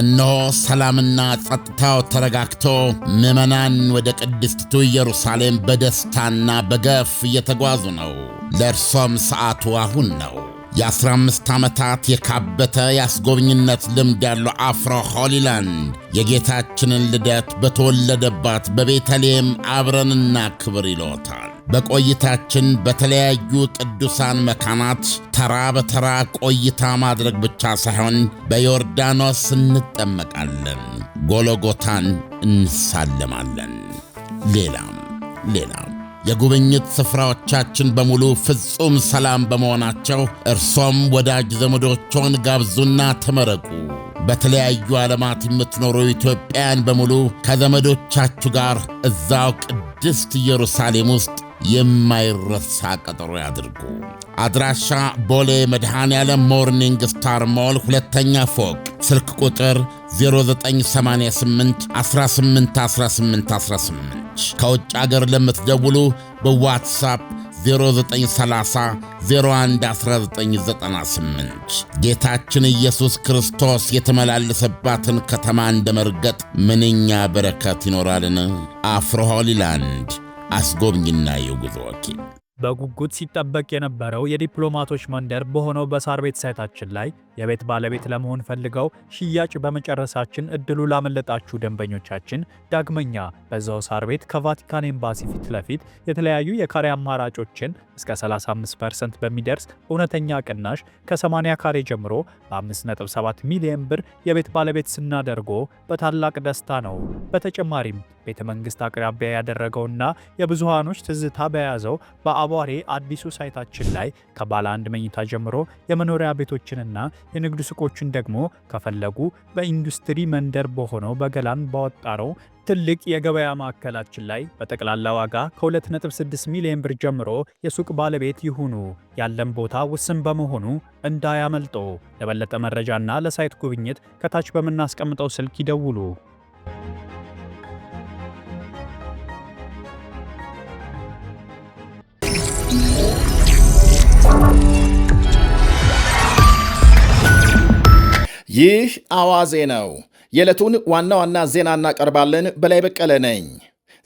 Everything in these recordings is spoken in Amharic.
እነሆ ሰላምና ጸጥታው ተረጋግቶ ምዕመናን ወደ ቅድስቲቱ ኢየሩሳሌም በደስታና በገፍ እየተጓዙ ነው። ለእርሶም ሰዓቱ አሁን ነው። የ15 ዓመታት የካበተ የአስጎብኝነት ልምድ ያለው አፍሮ ሆሊላንድ የጌታችንን ልደት በተወለደባት በቤተልሔም አብረንና ክብር ይሎታል። በቆይታችን በተለያዩ ቅዱሳን መካናት ተራ በተራ ቆይታ ማድረግ ብቻ ሳይሆን በዮርዳኖስ እንጠመቃለን፣ ጎሎጎታን እንሳለማለን። ሌላም ሌላም የጉብኝት ስፍራዎቻችን በሙሉ ፍጹም ሰላም በመሆናቸው እርሶም ወዳጅ ዘመዶችዎን ጋብዙና ተመረቁ። በተለያዩ ዓለማት የምትኖሩ ኢትዮጵያውያን በሙሉ ከዘመዶቻችሁ ጋር እዛው ቅድስት ኢየሩሳሌም ውስጥ የማይረሳ ቀጠሮ ያድርጉ። አድራሻ ቦሌ መድኃኔዓለም ሞርኒንግ ስታር ሞል ሁለተኛ ፎቅ፣ ስልክ ቁጥር 0988 ከውጭ አገር ለምትደውሉ በዋትሳፕ 0930 011998 ጌታችን ኢየሱስ ክርስቶስ የተመላለሰባትን ከተማ እንደ መርገጥ ምንኛ በረከት ይኖራልን! አፍሮ ሆሊላንድ አስጎብኝና የጉዞ ወኪል። በጉጉት ሲጠበቅ የነበረው የዲፕሎማቶች መንደር በሆነው በሳር ቤት ሳይታችን ላይ የቤት ባለቤት ለመሆን ፈልገው ሽያጭ በመጨረሳችን እድሉ ላመለጣችሁ ደንበኞቻችን ዳግመኛ በዛው ሳር ቤት ከቫቲካን ኤምባሲ ፊት ለፊት የተለያዩ የካሬ አማራጮችን እስከ 35% በሚደርስ እውነተኛ ቅናሽ ከ80 ካሬ ጀምሮ በ5.7 ሚሊዮን ብር የቤት ባለቤት ስናደርጎ በታላቅ ደስታ ነው። በተጨማሪም ቤተ መንግስት አቅራቢያ ያደረገውና የብዙሃኖች ትዝታ በያዘው በአቧሬ አዲሱ ሳይታችን ላይ ከባለ አንድ መኝታ ጀምሮ የመኖሪያ ቤቶችንና የንግድ ሱቆችን ደግሞ ከፈለጉ በኢንዱስትሪ መንደር በሆነው በገላን ባወጣነው ትልቅ የገበያ ማዕከላችን ላይ በጠቅላላ ዋጋ ከ2.6 ሚሊዮን ብር ጀምሮ የሱቅ ባለቤት ይሁኑ። ያለን ቦታ ውስን በመሆኑ እንዳያመልጦ። ለበለጠ መረጃና ለሳይት ጉብኝት ከታች በምናስቀምጠው ስልክ ይደውሉ። ይህ አዋዜ ነው። የዕለቱን ዋና ዋና ዜና እናቀርባለን። በላይ በቀለ ነኝ።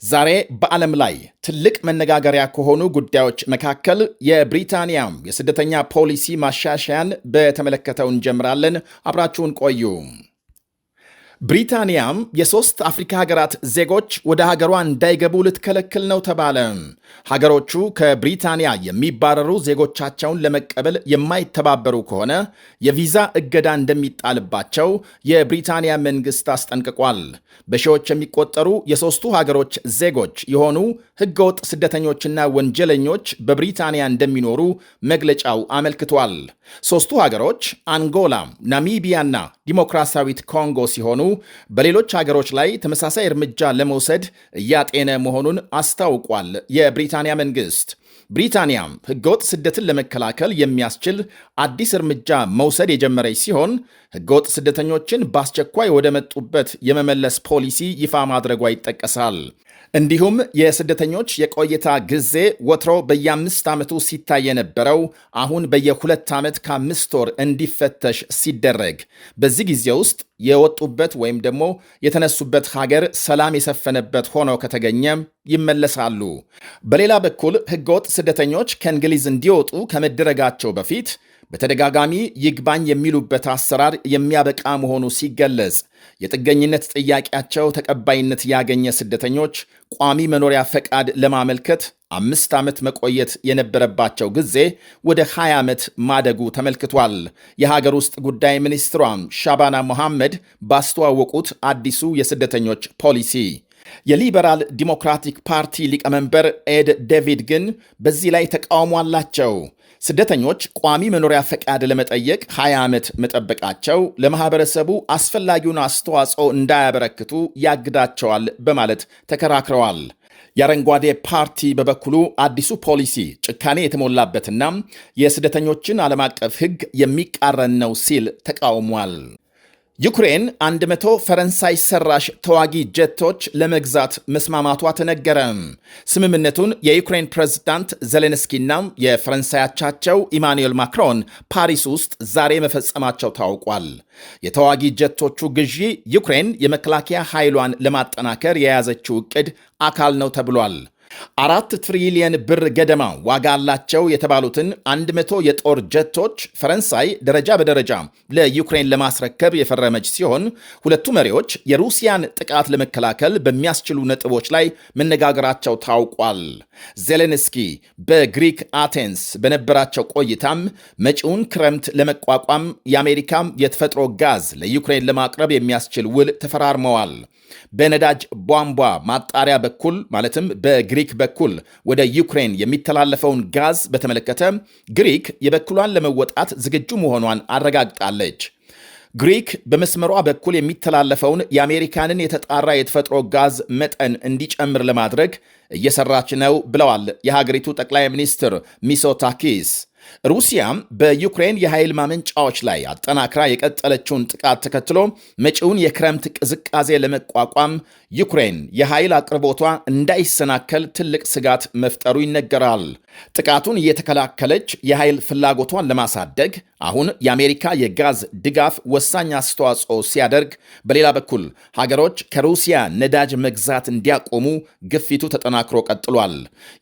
ዛሬ በዓለም ላይ ትልቅ መነጋገሪያ ከሆኑ ጉዳዮች መካከል የብሪታንያም የስደተኛ ፖሊሲ ማሻሻያን በተመለከተው እንጀምራለን። አብራችሁን ቆዩ። ብሪታንያም የሦስት አፍሪካ ሀገራት ዜጎች ወደ ሀገሯ እንዳይገቡ ልትከለክል ነው ተባለ። ሀገሮቹ ከብሪታንያ የሚባረሩ ዜጎቻቸውን ለመቀበል የማይተባበሩ ከሆነ የቪዛ እገዳ እንደሚጣልባቸው የብሪታንያ መንግሥት አስጠንቅቋል። በሺዎች የሚቆጠሩ የሦስቱ ሀገሮች ዜጎች የሆኑ ሕገወጥ ስደተኞችና ወንጀለኞች በብሪታንያ እንደሚኖሩ መግለጫው አመልክቷል። ሦስቱ ሀገሮች አንጎላ፣ ናሚቢያና ዲሞክራሲያዊት ኮንጎ ሲሆኑ በሌሎች ሀገሮች ላይ ተመሳሳይ እርምጃ ለመውሰድ እያጤነ መሆኑን አስታውቋል የብሪታንያ መንግስት። ብሪታንያ ህገወጥ ስደትን ለመከላከል የሚያስችል አዲስ እርምጃ መውሰድ የጀመረች ሲሆን ህገወጥ ስደተኞችን በአስቸኳይ ወደ መጡበት የመመለስ ፖሊሲ ይፋ ማድረጓ ይጠቀሳል። እንዲሁም የስደተኞች የቆይታ ጊዜ ወትሮ በየአምስት ዓመቱ ሲታይ የነበረው አሁን በየሁለት ዓመት ከአምስት ወር እንዲፈተሽ ሲደረግ በዚህ ጊዜ ውስጥ የወጡበት ወይም ደግሞ የተነሱበት ሀገር ሰላም የሰፈነበት ሆኖ ከተገኘ ይመለሳሉ። በሌላ በኩል ሕገወጥ ስደተኞች ከእንግሊዝ እንዲወጡ ከመደረጋቸው በፊት በተደጋጋሚ ይግባኝ የሚሉበት አሰራር የሚያበቃ መሆኑ ሲገለጽ የጥገኝነት ጥያቄያቸው ተቀባይነት ያገኘ ስደተኞች ቋሚ መኖሪያ ፈቃድ ለማመልከት አምስት ዓመት መቆየት የነበረባቸው ጊዜ ወደ 20 ዓመት ማደጉ ተመልክቷል። የሀገር ውስጥ ጉዳይ ሚኒስትሯም ሻባና መሐመድ ባስተዋወቁት አዲሱ የስደተኞች ፖሊሲ የሊበራል ዲሞክራቲክ ፓርቲ ሊቀመንበር ኤድ ዴቪድ ግን በዚህ ላይ ተቃውሞ አላቸው። ስደተኞች ቋሚ መኖሪያ ፈቃድ ለመጠየቅ 20 ዓመት መጠበቃቸው ለማህበረሰቡ አስፈላጊውን አስተዋጽኦ እንዳያበረክቱ ያግዳቸዋል በማለት ተከራክረዋል። የአረንጓዴ ፓርቲ በበኩሉ አዲሱ ፖሊሲ ጭካኔ የተሞላበትና የስደተኞችን ዓለም አቀፍ ሕግ የሚቃረን ነው ሲል ተቃውሟል። ዩክሬን 100 ፈረንሳይ ሰራሽ ተዋጊ ጀቶች ለመግዛት መስማማቷ ተነገረ። ስምምነቱን የዩክሬን ፕሬዝዳንት ዜሌንስኪና የፈረንሳያቻቸው ኢማኑኤል ማክሮን ፓሪስ ውስጥ ዛሬ መፈጸማቸው ታውቋል። የተዋጊ ጀቶቹ ግዢ ዩክሬን የመከላከያ ኃይሏን ለማጠናከር የያዘችው ዕቅድ አካል ነው ተብሏል። አራት ትሪሊየን ብር ገደማ ዋጋ አላቸው የተባሉትን 100 የጦር ጀቶች ፈረንሳይ ደረጃ በደረጃ ለዩክሬን ለማስረከብ የፈረመች ሲሆን ሁለቱ መሪዎች የሩሲያን ጥቃት ለመከላከል በሚያስችሉ ነጥቦች ላይ መነጋገራቸው ታውቋል። ዜሌንስኪ በግሪክ አቴንስ በነበራቸው ቆይታም መጪውን ክረምት ለመቋቋም የአሜሪካም የተፈጥሮ ጋዝ ለዩክሬን ለማቅረብ የሚያስችል ውል ተፈራርመዋል። በነዳጅ ቧንቧ ማጣሪያ በኩል ማለትም በግሪክ በግሪክ በኩል ወደ ዩክሬን የሚተላለፈውን ጋዝ በተመለከተ ግሪክ የበኩሏን ለመወጣት ዝግጁ መሆኗን አረጋግጣለች። ግሪክ በመስመሯ በኩል የሚተላለፈውን የአሜሪካንን የተጣራ የተፈጥሮ ጋዝ መጠን እንዲጨምር ለማድረግ እየሰራች ነው ብለዋል የሀገሪቱ ጠቅላይ ሚኒስትር ሚሶታኪስ። ሩሲያም በዩክሬን የኃይል ማመንጫዎች ላይ አጠናክራ የቀጠለችውን ጥቃት ተከትሎ መጪውን የክረምት ቅዝቃዜ ለመቋቋም ዩክሬን የኃይል አቅርቦቷ እንዳይሰናከል ትልቅ ስጋት መፍጠሩ ይነገራል። ጥቃቱን እየተከላከለች የኃይል ፍላጎቷን ለማሳደግ አሁን የአሜሪካ የጋዝ ድጋፍ ወሳኝ አስተዋጽኦ ሲያደርግ፣ በሌላ በኩል ሀገሮች ከሩሲያ ነዳጅ መግዛት እንዲያቆሙ ግፊቱ ተጠናክሮ ቀጥሏል።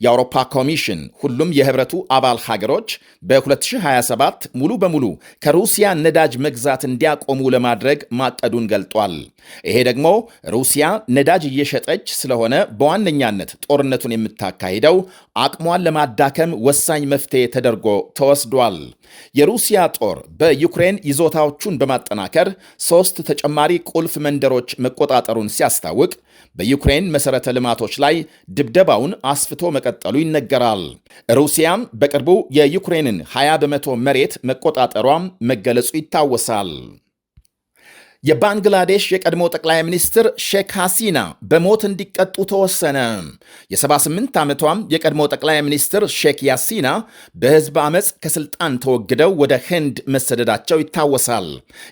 የአውሮፓ ኮሚሽን ሁሉም የህብረቱ አባል ሀገሮች በ2027 ሙሉ በሙሉ ከሩሲያ ነዳጅ መግዛት እንዲያቆሙ ለማድረግ ማቀዱን ገልጧል። ይሄ ደግሞ ሩሲያ ነዳጅ እየሸጠች ስለሆነ በዋነኛነት ጦርነቱን የምታካሂደው አቅሟን ለማዳከም ወሳኝ መፍትሄ ተደርጎ ተወስዷል። የሩሲያ ጦር በዩክሬን ይዞታዎቹን በማጠናከር ሶስት ተጨማሪ ቁልፍ መንደሮች መቆጣጠሩን ሲያስታውቅ በዩክሬን መሠረተ ልማቶች ላይ ድብደባውን አስፍቶ መቀጠሉ ይነገራል። ሩሲያም በቅርቡ የዩክሬንን 20 በመቶ መሬት መቆጣጠሯም መገለጹ ይታወሳል። የባንግላዴሽ የቀድሞ ጠቅላይ ሚኒስትር ሼክ ሐሲና በሞት እንዲቀጡ ተወሰነ። የ78 ዓመቷም የቀድሞ ጠቅላይ ሚኒስትር ሼክ ያሲና በሕዝብ ዓመፅ ከሥልጣን ተወግደው ወደ ህንድ መሰደዳቸው ይታወሳል።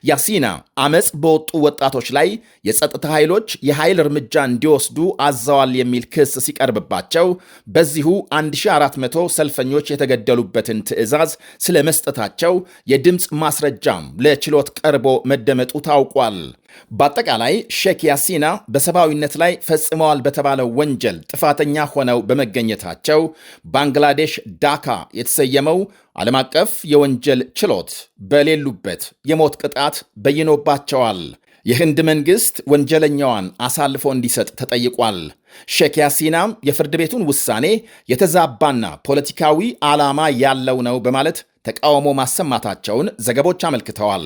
ያሲና ዓመፅ በወጡ ወጣቶች ላይ የጸጥታ ኃይሎች የኃይል እርምጃ እንዲወስዱ አዘዋል የሚል ክስ ሲቀርብባቸው በዚሁ 1400 ሰልፈኞች የተገደሉበትን ትዕዛዝ ስለ መስጠታቸው የድምፅ ማስረጃም ለችሎት ቀርቦ መደመጡ ታውቋል። አስታውቋል። በአጠቃላይ ሼክ ያሲና በሰብአዊነት ላይ ፈጽመዋል በተባለው ወንጀል ጥፋተኛ ሆነው በመገኘታቸው ባንግላዴሽ ዳካ የተሰየመው ዓለም አቀፍ የወንጀል ችሎት በሌሉበት የሞት ቅጣት በይኖባቸዋል። የህንድ መንግሥት ወንጀለኛዋን አሳልፎ እንዲሰጥ ተጠይቋል። ሼክ ያሲናም የፍርድ ቤቱን ውሳኔ የተዛባና ፖለቲካዊ ዓላማ ያለው ነው በማለት ተቃውሞ ማሰማታቸውን ዘገቦች አመልክተዋል።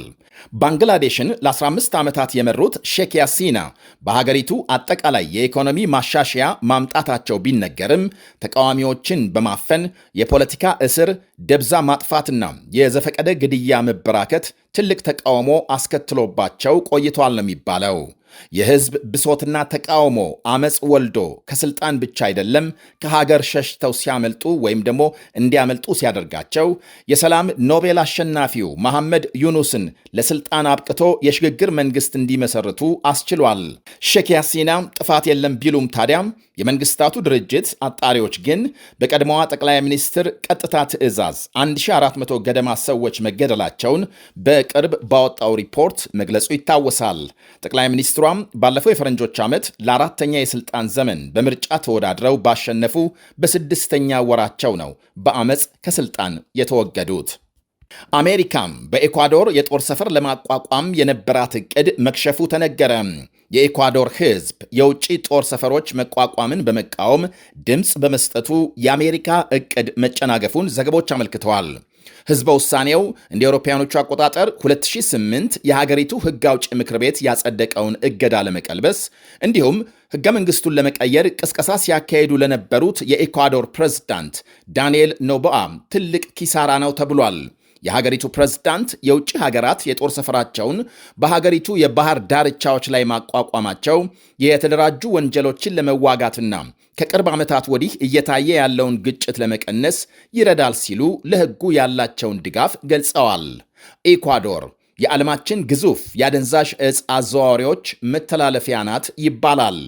ባንግላዴሽን ለ15 ዓመታት የመሩት ሼክ ያሲና በሀገሪቱ አጠቃላይ የኢኮኖሚ ማሻሻያ ማምጣታቸው ቢነገርም ተቃዋሚዎችን በማፈን የፖለቲካ እስር፣ ደብዛ ማጥፋትና የዘፈቀደ ግድያ መበራከት ትልቅ ተቃውሞ አስከትሎባቸው ቆይቷል ነው የሚባለው። የህዝብ ብሶትና ተቃውሞ አመፅ ወልዶ ከስልጣን ብቻ አይደለም ከሀገር ሸሽተው ሲያመልጡ ወይም ደግሞ እንዲያመልጡ ሲያደርጋቸው የሰላም ኖቤል አሸናፊው መሐመድ ዩኑስን ለስልጣን አብቅቶ የሽግግር መንግስት እንዲመሰርቱ አስችሏል። ሼክ ያሲና ጥፋት የለም ቢሉም ታዲያም የመንግስታቱ ድርጅት አጣሪዎች ግን በቀድሞዋ ጠቅላይ ሚኒስትር ቀጥታ ትዕዛዝ 1400 ገደማ ሰዎች መገደላቸውን በቅርብ ባወጣው ሪፖርት መግለጹ ይታወሳል። ጠቅላይ ሚኒስትሩ ሚኒስትሯም ባለፈው የፈረንጆች ዓመት ለአራተኛ የሥልጣን ዘመን በምርጫ ተወዳድረው ባሸነፉ በስድስተኛ ወራቸው ነው በአመፅ ከሥልጣን የተወገዱት። አሜሪካም በኤኳዶር የጦር ሰፈር ለማቋቋም የነበራት ዕቅድ መክሸፉ ተነገረ። የኤኳዶር ሕዝብ የውጭ ጦር ሰፈሮች መቋቋምን በመቃወም ድምፅ በመስጠቱ የአሜሪካ ዕቅድ መጨናገፉን ዘገቦች አመልክተዋል። ህዝበ ውሳኔው እንደ አውሮፓውያኖቹ አቆጣጠር 2008 የሀገሪቱ ህግ አውጭ ምክር ቤት ያጸደቀውን እገዳ ለመቀልበስ እንዲሁም ህገ መንግስቱን ለመቀየር ቅስቀሳ ሲያካሄዱ ለነበሩት የኢኳዶር ፕሬዝዳንት ዳንኤል ኖቦአ ትልቅ ኪሳራ ነው ተብሏል። የሀገሪቱ ፕሬዝዳንት የውጭ ሀገራት የጦር ሰፈራቸውን በሀገሪቱ የባህር ዳርቻዎች ላይ ማቋቋማቸው የተደራጁ ወንጀሎችን ለመዋጋትና ከቅርብ ዓመታት ወዲህ እየታየ ያለውን ግጭት ለመቀነስ ይረዳል ሲሉ ለሕጉ ያላቸውን ድጋፍ ገልጸዋል። ኢኳዶር የዓለማችን ግዙፍ የአደንዛዥ እጽ አዘዋዋሪዎች መተላለፊያ ናት ይባላል።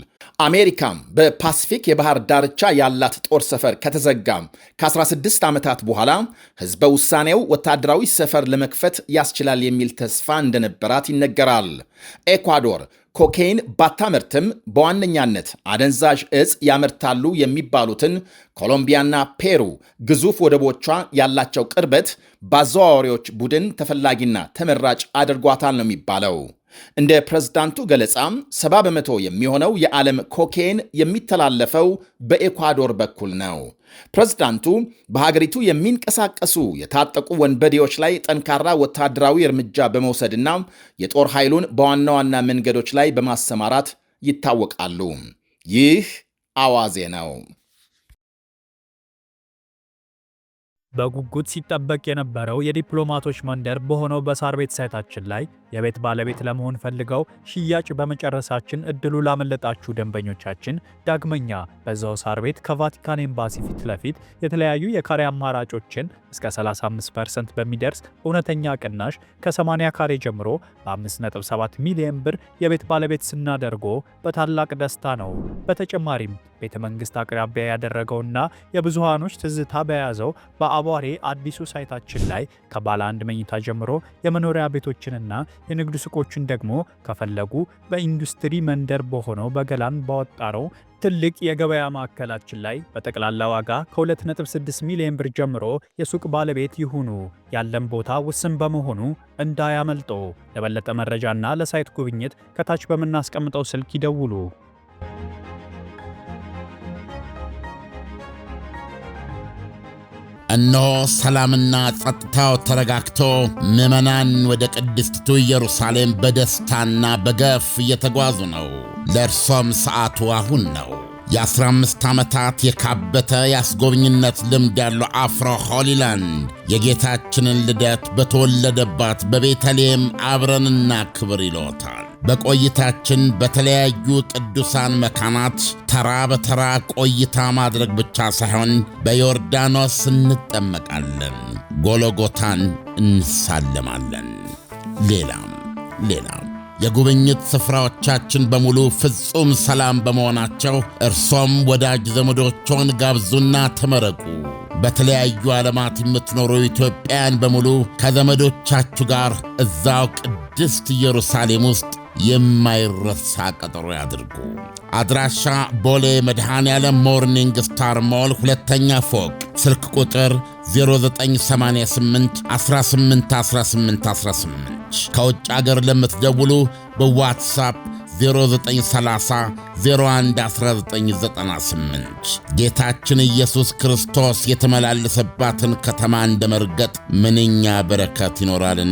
አሜሪካም በፓስፊክ የባህር ዳርቻ ያላት ጦር ሰፈር ከተዘጋም ከ16 ዓመታት በኋላ ህዝበ ውሳኔው ወታደራዊ ሰፈር ለመክፈት ያስችላል የሚል ተስፋ እንደነበራት ይነገራል። ኤኳዶር ኮኬይን ባታመርትም በዋነኛነት አደንዛዥ እጽ ያመርታሉ የሚባሉትን ኮሎምቢያና ፔሩ ግዙፍ ወደቦቿ ያላቸው ቅርበት በአዘዋዋሪዎች ቡድን ተፈላጊና ተመራጭ አድርጓታል ነው የሚባለው። እንደ ፕሬዝዳንቱ ገለጻ ሰባ በመቶ የሚሆነው የዓለም ኮኬን የሚተላለፈው በኤኳዶር በኩል ነው። ፕሬዝዳንቱ በሀገሪቱ የሚንቀሳቀሱ የታጠቁ ወንበዴዎች ላይ ጠንካራ ወታደራዊ እርምጃ በመውሰድና የጦር ኃይሉን በዋና ዋና መንገዶች ላይ በማሰማራት ይታወቃሉ። ይህ አዋዜ ነው። በጉጉት ሲጠበቅ የነበረው የዲፕሎማቶች መንደር በሆነው በሳር ቤት ሳይታችን ላይ የቤት ባለቤት ለመሆን ፈልገው ሽያጭ በመጨረሳችን እድሉ ላመለጣችሁ ደንበኞቻችን ዳግመኛ በዛው ሳር ቤት ከቫቲካን ኤምባሲ ፊት ለፊት የተለያዩ የካሬ አማራጮችን እስከ 35% በሚደርስ እውነተኛ ቅናሽ ከ80 ካሬ ጀምሮ በ5.7 ሚሊዮን ብር የቤት ባለቤት ስናደርጎ በታላቅ ደስታ ነው። በተጨማሪም ቤተ መንግስት አቅራቢያ ያደረገውና የብዙሃኖች ትዝታ በያዘው በአቧሬ አዲሱ ሳይታችን ላይ ከባለ አንድ መኝታ ጀምሮ የመኖሪያ ቤቶችንና የንግድ ሱቆችን ደግሞ ከፈለጉ በኢንዱስትሪ መንደር በሆነው በገላን ባወጣነው ትልቅ የገበያ ማዕከላችን ላይ በጠቅላላ ዋጋ ከ2.6 ሚሊዮን ብር ጀምሮ የሱቅ ባለቤት ይሁኑ። ያለን ቦታ ውስን በመሆኑ እንዳያመልጦ። ለበለጠ መረጃና ለሳይት ጉብኝት ከታች በምናስቀምጠው ስልክ ይደውሉ። እነሆ ሰላምና ጸጥታው ተረጋግቶ ምዕመናን ወደ ቅድስቲቱ ኢየሩሳሌም በደስታና በገፍ እየተጓዙ ነው። ለእርሶም ሰዓቱ አሁን ነው። የ15 ዓመታት የካበተ የአስጎብኝነት ልምድ ያለው አፍሮ ሆሊላንድ የጌታችንን ልደት በተወለደባት በቤተልሔም አብረንና ክብር ይሎታል። በቆይታችን በተለያዩ ቅዱሳን መካናት ተራ በተራ ቆይታ ማድረግ ብቻ ሳይሆን በዮርዳኖስ እንጠመቃለን፣ ጎሎጎታን እንሳለማለን። ሌላም ሌላም የጉብኝት ስፍራዎቻችን በሙሉ ፍጹም ሰላም በመሆናቸው እርሶም ወዳጅ ዘመዶችዎን ጋብዙና ተመረቁ። በተለያዩ ዓለማት የምትኖሩ ኢትዮጵያውያን በሙሉ ከዘመዶቻችሁ ጋር እዛው ቅድስት ኢየሩሳሌም ውስጥ የማይረሳ ቀጠሮ ያድርጉ። አድራሻ ቦሌ መድኃኔዓለም ሞርኒንግ ስታር ሞል ሁለተኛ ፎቅ፣ ስልክ ቁጥር 0988 ከውጭ አገር ለምትደውሉ በዋትሳፕ 0930 ጌታችን ኢየሱስ ክርስቶስ የተመላለሰባትን ከተማ እንደ መርገጥ ምንኛ በረከት ይኖራልን!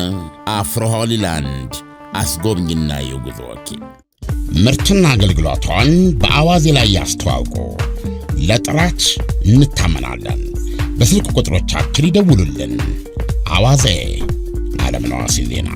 አፍሮ ሆሊላንድ አስጎብኝና የጉዞ ወኪል። ምርትና አገልግሎቷን በአዋዜ ላይ ያስተዋውቁ። ለጥራች እንታመናለን። በስልክ ቁጥሮቻችን ይደውሉልን። አዋዜ፣ ዓለምነህ ዋሴ ዜና